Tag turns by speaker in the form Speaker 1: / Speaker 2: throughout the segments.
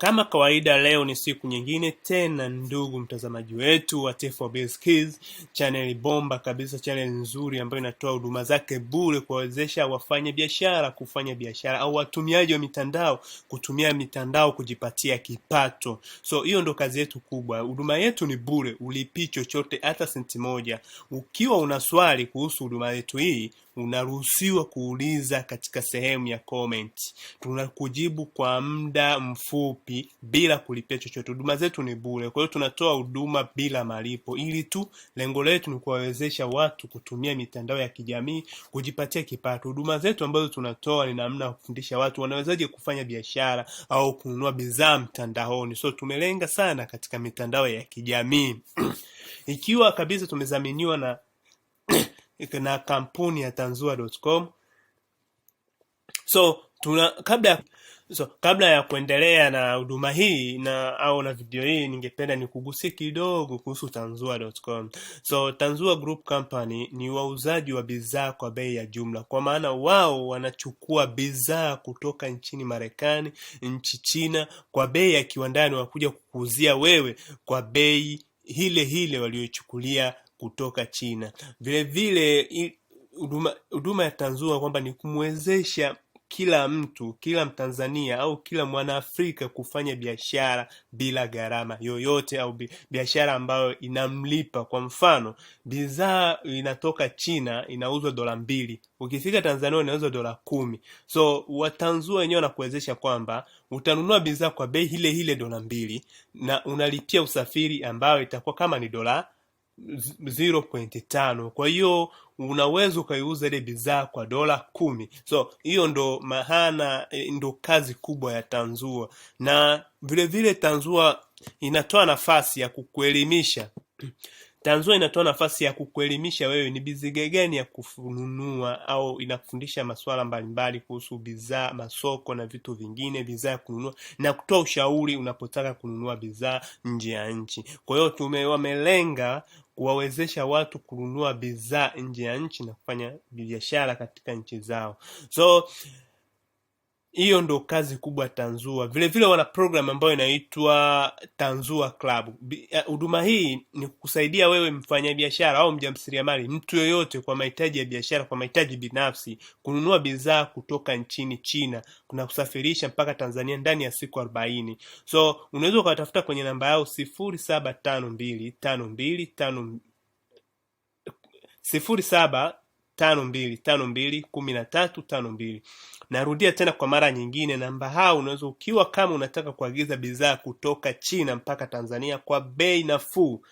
Speaker 1: Kama kawaida leo ni siku nyingine tena, ndugu mtazamaji wetu wa base Kids, chaneli bomba kabisa, chaneli nzuri ambayo inatoa huduma zake bure kuwawezesha wafanya biashara kufanya biashara au watumiaji wa mitandao kutumia mitandao kujipatia kipato. So hiyo ndo kazi yetu kubwa, huduma yetu ni bure, ulipii chochote hata senti moja. Ukiwa una swali kuhusu huduma yetu hii unaruhusiwa kuuliza katika sehemu ya comment, tunakujibu kwa muda mfupi kulipi, bila kulipia chochote. Huduma zetu ni bure, kwa hiyo tunatoa huduma bila malipo, ili tu lengo letu ni kuwawezesha watu kutumia mitandao ya kijamii kujipatia kipato. Huduma zetu ambazo tunatoa ni namna ya kufundisha watu wanawezaje kufanya biashara au kununua bidhaa mtandaoni. So tumelenga sana katika mitandao ya kijamii ikiwa kabisa tumezaminiwa na na kampuni ya Tanzua.com. So tuna kabla ya So, kabla ya kuendelea na huduma hii na au na video hii, ningependa nikugusie kidogo kuhusu Tanzua.com. So, Tanzua Group Company ni wauzaji wa bidhaa kwa bei ya jumla, kwa maana wao wanachukua bidhaa kutoka nchini Marekani, nchi China kwa bei ya kiwandani, wakuja kukuuzia wewe kwa bei hile hile waliochukulia kutoka China. Vilevile huduma ya Tanzua kwamba ni kumwezesha kila mtu, kila Mtanzania au kila Mwanaafrika kufanya biashara bila gharama yoyote au biashara ambayo inamlipa. Kwa mfano, bidhaa inatoka China inauzwa dola mbili, ukifika Tanzania inauzwa dola kumi. So watanzua wenyewe wanakuwezesha kwamba utanunua bidhaa kwa bei ile ile dola mbili na unalipia usafiri ambayo itakuwa kama ni dola 0.5. Kwa hiyo unaweza ukaiuza ile bidhaa kwa dola kumi. So hiyo ndo maana, eh, ndo kazi kubwa ya Tanzua, na vilevile vile Tanzua inatoa nafasi ya kukuelimisha. Tanzua inatoa nafasi ya kukuelimisha wewe ni bidhaa gani ya kununua, au inafundisha masuala mbalimbali kuhusu bidhaa, masoko na vitu vingine, bidhaa ya kununua na kutoa ushauri unapotaka kununua bidhaa nje ya nchi. Kwa hiyo wamelenga kuwawezesha watu kununua bidhaa nje ya nchi na kufanya biashara katika nchi zao so hiyo ndo kazi kubwa Tanzua. Vilevile vile wana program ambayo inaitwa Tanzua Club. Eh, huduma hii ni kusaidia wewe mfanyabiashara au mali mtu yoyote, kwa mahitaji ya biashara, kwa mahitaji binafsi, kununua bidhaa kutoka nchini China, kuna kusafirisha mpaka Tanzania ndani ya siku arobaini. So unaweza ukawatafuta kwenye namba yao sifuri saba tano mbili tano mbili tano sifuri saba tano mbili tano mbili kumi na tatu tano mbili. Narudia tena kwa mara nyingine, namba hao unaweza ukiwa kama unataka kuagiza bidhaa kutoka China mpaka Tanzania kwa bei nafuu,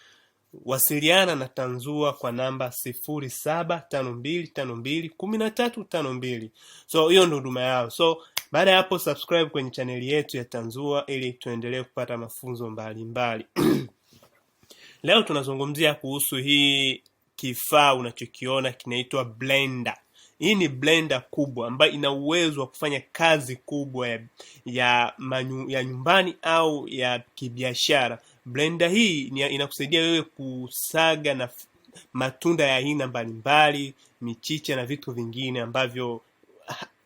Speaker 1: wasiliana na Tanzua kwa namba sifuri saba tano mbili tano mbili kumi na tatu tano mbili. So hiyo ndo huduma yao. So baada ya hapo, subscribe kwenye chaneli yetu ya Tanzua ili tuendelee kupata mafunzo mbalimbali mbali. Leo tunazungumzia kuhusu hii kifaa unachokiona kinaitwa blender. Hii ni blender kubwa ambayo ina uwezo wa kufanya kazi kubwa ya, ya, manyu, ya nyumbani au ya kibiashara. Blender hii inakusaidia wewe kusaga na matunda ya aina mbalimbali, michicha na vitu vingine ambavyo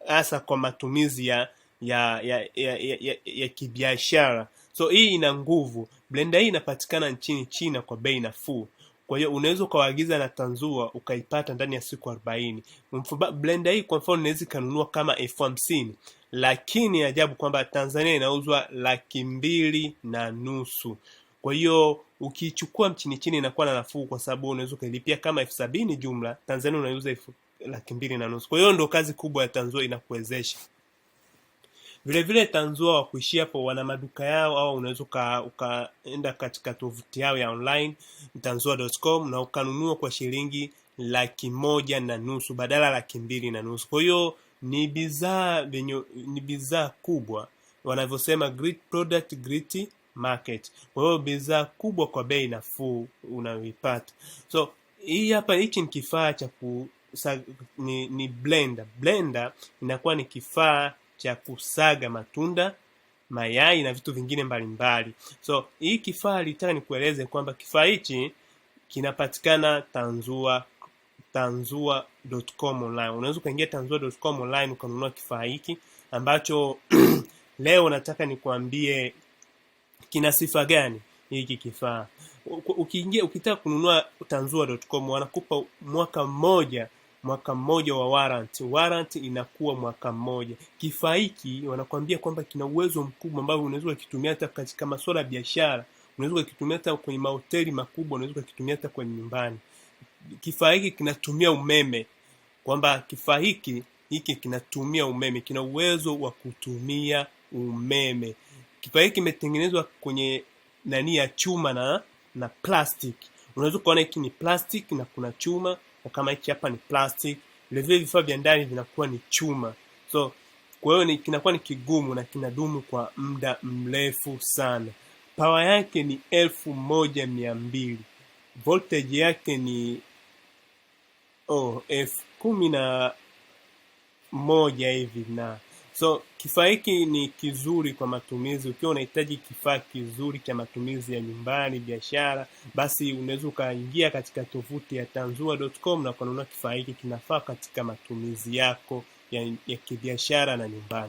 Speaker 1: hasa kwa matumizi ya ya ya, ya, ya, ya, ya kibiashara. So hii ina nguvu. Blender hii inapatikana nchini China kwa bei nafuu. Kwa hiyo unaweza ukawaagiza na tanzua ukaipata ndani ya siku 40. Blender hii kwa mfano unaweza ikanunua kama elfu hamsini lakini ajabu kwamba Tanzania inauzwa laki mbili na nusu. Kwa hiyo ukichukua mchini chini inakuwa na nafuu, kwa sababu unaweza ukailipia kama elfu sabini jumla, Tanzania unauza elfu laki mbili na nusu. Kwa hiyo ndo kazi kubwa ya tanzua inakuwezesha. Vilevile tanzua wa kuishia hapo, wana maduka yao, au unaweza ukaenda katika tovuti yao ya online tanzua.com na ukanunua kwa shilingi laki moja na nusu badala laki mbili na nusu. Kwa hiyo ni bidhaa ni bidhaa kubwa, wanavyosema great product great market. Kwa hiyo bidhaa kubwa kwa bei nafuu unayoipata. So hii hapa, hiki ni kifaa cha ku ni, ni blender. Blender inakuwa ni kifaa cha kusaga matunda mayai na vitu vingine mbalimbali mbali. So hii kifaa litaka nikueleze kwamba kifaa hichi kinapatikana Tanzua tanzua.com online. Unaweza ukaingia tanzua.com online ukanunua kifaa hiki ambacho leo nataka nikuambie kina sifa gani hiki kifaa. Ukiingia ukitaka kununua tanzua.com wanakupa mwaka mmoja mwaka mmoja wa warrant. Warrant inakuwa mwaka mmoja. Kifaa hiki wanakwambia kwamba kina uwezo mkubwa ambao unaweza kukitumia hata katika masuala ya biashara, unaweza kukitumia hata kwenye mahoteli makubwa, unaweza kukitumia hata kwenye nyumbani. Kifaa hiki kinatumia umeme, kwamba kifaa hiki hiki kinatumia umeme, kina uwezo wa kutumia umeme. Kifaa hiki kimetengenezwa kwenye nani ya chuma na na plastic. Unaweza kuona hiki ni plastic na kuna chuma kama hiki hapa ni plastic, vile vile vifaa vya ndani vinakuwa ni chuma. So kwa hiyo ni kinakuwa ni kigumu na kinadumu kwa muda mrefu sana. Pawa yake ni elfu moja mia mbili voltage yake ni oh, elfu kumi na moja hivi na So kifaa hiki ni kizuri kwa matumizi. Ukiwa unahitaji kifaa kizuri cha matumizi ya nyumbani, biashara, basi unaweza ukaingia katika tovuti ya tanzua.com na ukanunua kifaa hiki kinafaa katika matumizi yako ya, ya kibiashara na nyumbani.